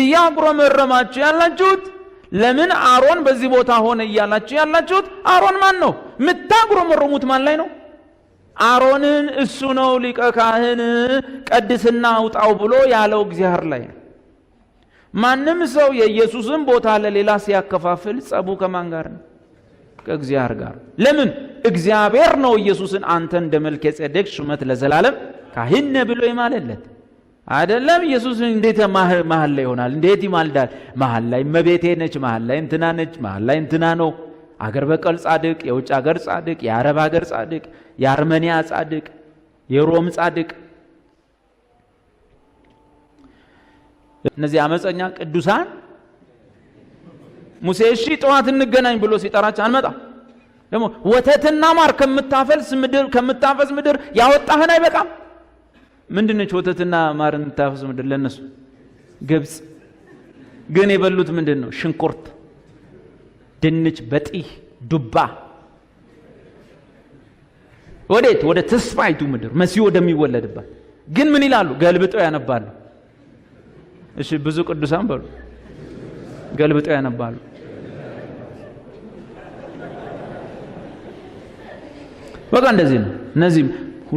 እያጉረመረማችሁ ያላችሁት ለምን አሮን በዚህ ቦታ ሆነ እያላችሁ ያላችሁት አሮን ማን ነው? የምታጉረመረሙት ማን ላይ ነው? አሮንን እሱ ነው ሊቀ ካህን ቀድስና አውጣው ብሎ ያለው እግዚአብሔር ላይ ነው። ማንም ሰው የኢየሱስን ቦታ ለሌላ ሲያከፋፍል ጸቡ ከማን ጋር ነው? ከእግዚአብሔር ጋር። ለምን እግዚአብሔር ነው ኢየሱስን አንተ እንደ መልከ ጼዴቅ ሹመት ለዘላለም ካህን ብሎ ይማለለት። አይደለም ኢየሱስ እንዴት መሀል ላይ ይሆናል? እንዴት ይማልዳል? መሀል ላይ እመቤቴ ነች፣ መሀል ላይ እንትና ነች፣ መሀል ላይ እንትና ነው። አገር በቀል ጻድቅ፣ የውጭ አገር ጻድቅ፣ የአረብ አገር ጻድቅ፣ የአርመኒያ ጻድቅ፣ የሮም ጻድቅ፣ እነዚህ አመፀኛ ቅዱሳን ሙሴ እሺ ጠዋት እንገናኝ ብሎ ሲጠራች አንመጣ ደግሞ ወተትና ማር ከምታፈልስ ምድር ከምታፈስ ምድር ያወጣህን አይበቃም ምንድነች ወተትና ማር የምታፈስ ምድር ለነሱ ግብፅ ግን የበሉት ምንድን ነው? ሽንኩርት፣ ድንች፣ በጢህ፣ ዱባ። ወዴት? ወደ ተስፋይቱ ምድር መሲህ ወደሚወለድባት። ግን ምን ይላሉ? ገልብጠው ያነባሉ። እሺ ብዙ ቅዱሳን በሉ፣ ገልብጠው ያነባሉ። በቃ እንደዚህ ነው። እነዚህ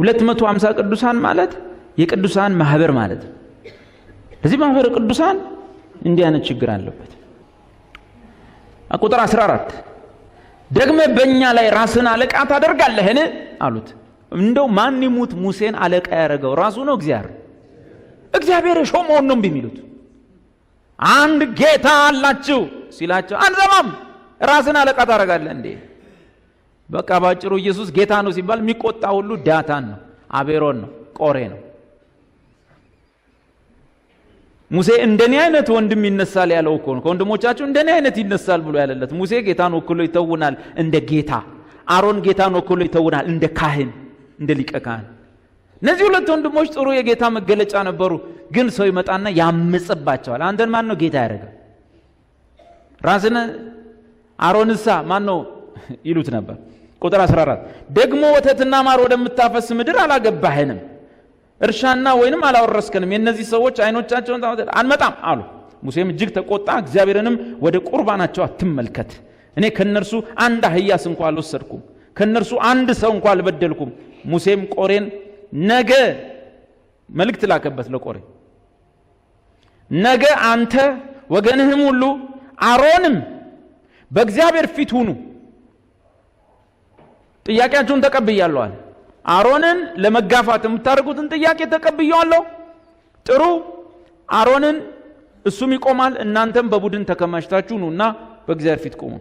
250 ቅዱሳን ማለት የቅዱሳን ማህበር ማለት ነው። ለዚህ ማህበር ቅዱሳን እንዲህ አይነት ችግር አለበት። ቁጥር 14 ደግመ በእኛ ላይ ራስን አለቃ ታደርጋለህን አሉት። እንደው ማን ይሙት ሙሴን አለቃ ያደረገው ራሱ ነው እግዚአብሔር። እግዚአብሔር የሾመውን ነው የሚሉት። አንድ ጌታ አላችሁ ሲላቸው አንዘማም። ራስን አለቃ ታደርጋለህ እንዴ? በቃ ባጭሩ ኢየሱስ ጌታ ነው ሲባል የሚቆጣ ሁሉ ዳታን ነው፣ አቤሮን ነው፣ ቆሬ ነው። ሙሴ እንደኔ አይነት ወንድም ይነሳል ያለው እኮ ነው። ከወንድሞቻችሁ እንደኔ አይነት ይነሳል ብሎ ያለለት ሙሴ ጌታን ወክሎ ይተውናል እንደ ጌታ፣ አሮን ጌታን ወክሎ ይተውናል እንደ ካህን፣ እንደ ሊቀ ካህን። እነዚህ ሁለት ወንድሞች ጥሩ የጌታ መገለጫ ነበሩ። ግን ሰው ይመጣና ያምጽባቸዋል። አንተን ማን ነው ጌታ ያደረገው? ራስን አሮንሳ ማን ነው ይሉት ነበር። ቁጥር 14 ደግሞ ወተትና ማር ወደምታፈስ ምድር አላገባህንም እርሻና ወይንም አላወረስከንም የእነዚህ ሰዎች አይኖቻቸውን አንመጣም አሉ ሙሴም እጅግ ተቆጣ እግዚአብሔርንም ወደ ቁርባናቸው አትመልከት እኔ ከነርሱ አንድ አህያስ እንኳ አልወሰድኩም ከነርሱ አንድ ሰው እንኳ አልበደልኩም ሙሴም ቆሬን ነገ መልእክት ላከበት ለቆሬ ነገ አንተ ወገንህም ሁሉ አሮንም በእግዚአብሔር ፊት ሁኑ ጥያቄያችሁን ተቀብያለዋል አሮንን ለመጋፋት የምታደርጉትን ጥያቄ ተቀብየዋለሁ። ጥሩ አሮንን እሱም ይቆማል። እናንተም በቡድን ተከማችታችሁ ኑና በእግዚአብሔር ፊት ቁሙ።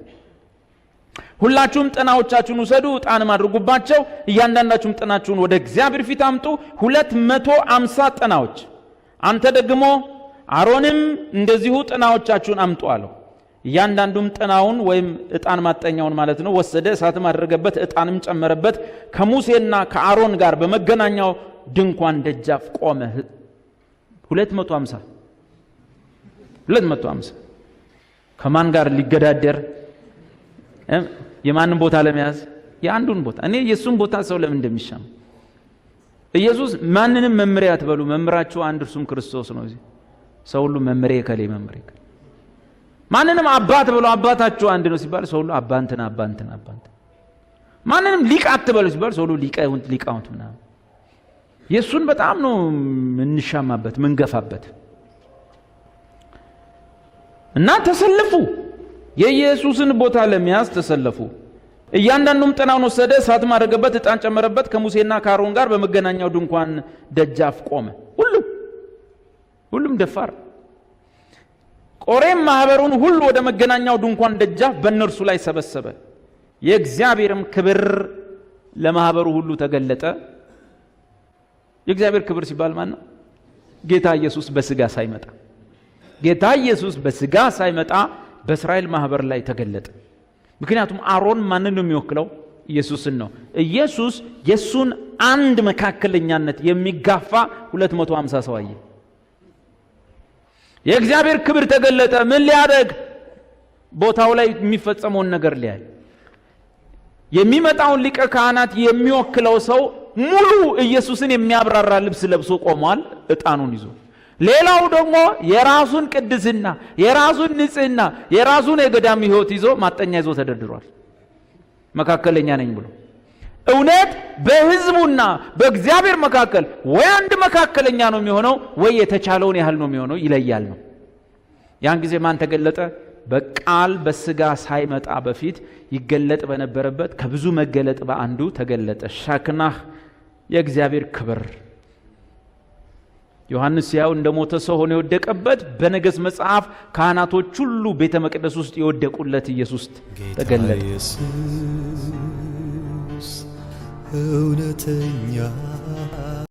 ሁላችሁም ጥናዎቻችሁን ውሰዱ፣ ዕጣንም አድርጉባቸው። እያንዳንዳችሁም ጥናችሁን ወደ እግዚአብሔር ፊት አምጡ፣ ሁለት መቶ አምሳ ጥናዎች። አንተ ደግሞ አሮንም እንደዚሁ ጥናዎቻችሁን አምጡ አለው። እያንዳንዱም ጥናውን ወይም እጣን ማጠኛውን ማለት ነው ወሰደ፣ እሳትም አደረገበት፣ እጣንም ጨመረበት። ከሙሴና ከአሮን ጋር በመገናኛው ድንኳን ደጃፍ ቆመ። 250 250 ከማን ጋር ሊገዳደር? የማንም ቦታ ለመያዝ? የአንዱን ቦታ እኔ የእሱን ቦታ ሰው ለምን እንደሚሻም ኢየሱስ ማንንም መምሬ አትበሉ፣ መምራችሁ አንድ እርሱም ክርስቶስ ነው። እዚህ ሰው ሁሉ መምሬ ከሌ መምሬ ማንንም አባት ብለው አባታችሁ አንድ ነው ሲባል ሰው ሁሉ አባንትን አባንትን አባንት ማንንም ሊቅ አትበሉ ሲባል ሰው ሁሉ ሊቃውንት ሊቃውንት የእሱን በጣም ነው የምንሻማበት ምንገፋበት እና ተሰለፉ የኢየሱስን ቦታ ለመያዝ ተሰለፉ እያንዳንዱም ጥናውን ወሰደ እሳት ማድረገበት እጣን ጨመረበት ከሙሴና ከአሮን ጋር በመገናኛው ድንኳን ደጃፍ ቆመ ሁሉም ሁሉም ደፋር ኦሬም ማኅበሩን ሁሉ ወደ መገናኛው ድንኳን ደጃፍ በእነርሱ ላይ ሰበሰበ። የእግዚአብሔርም ክብር ለማኅበሩ ሁሉ ተገለጠ። የእግዚአብሔር ክብር ሲባል ማን ነው? ጌታ ኢየሱስ በስጋ ሳይመጣ ጌታ ኢየሱስ በስጋ ሳይመጣ በእስራኤል ማኅበር ላይ ተገለጠ። ምክንያቱም አሮን ማንን ነው የሚወክለው? ኢየሱስን ነው። ኢየሱስ የእሱን አንድ መካከለኛነት የሚጋፋ 250 ሰው አየ። የእግዚአብሔር ክብር ተገለጠ። ምን ሊያደግ ቦታው ላይ የሚፈጸመውን ነገር ሊያይ የሚመጣውን ሊቀ ካህናት የሚወክለው ሰው ሙሉ ኢየሱስን የሚያብራራ ልብስ ለብሶ ቆሟል፣ እጣኑን ይዞ። ሌላው ደግሞ የራሱን ቅድስና፣ የራሱን ንጽህና፣ የራሱን የገዳም ህይወት ይዞ ማጠኛ ይዞ ተደርድሯል። መካከለኛ ነኝ ብሎ እውነት በህዝቡና በእግዚአብሔር መካከል ወይ አንድ መካከለኛ ነው የሚሆነው ወይ የተቻለውን ያህል ነው የሚሆነው ይለያል ነው። ያን ጊዜ ማን ተገለጠ? በቃል በስጋ ሳይመጣ በፊት ይገለጥ በነበረበት ከብዙ መገለጥ በአንዱ ተገለጠ። ሻክናህ የእግዚአብሔር ክብር ዮሐንስ ያው እንደ ሞተ ሰው ሆኖ የወደቀበት በነገሥት መጽሐፍ ካህናቶች ሁሉ ቤተ መቅደስ ውስጥ የወደቁለት ኢየሱስ ተገለጠ። እውነተኛ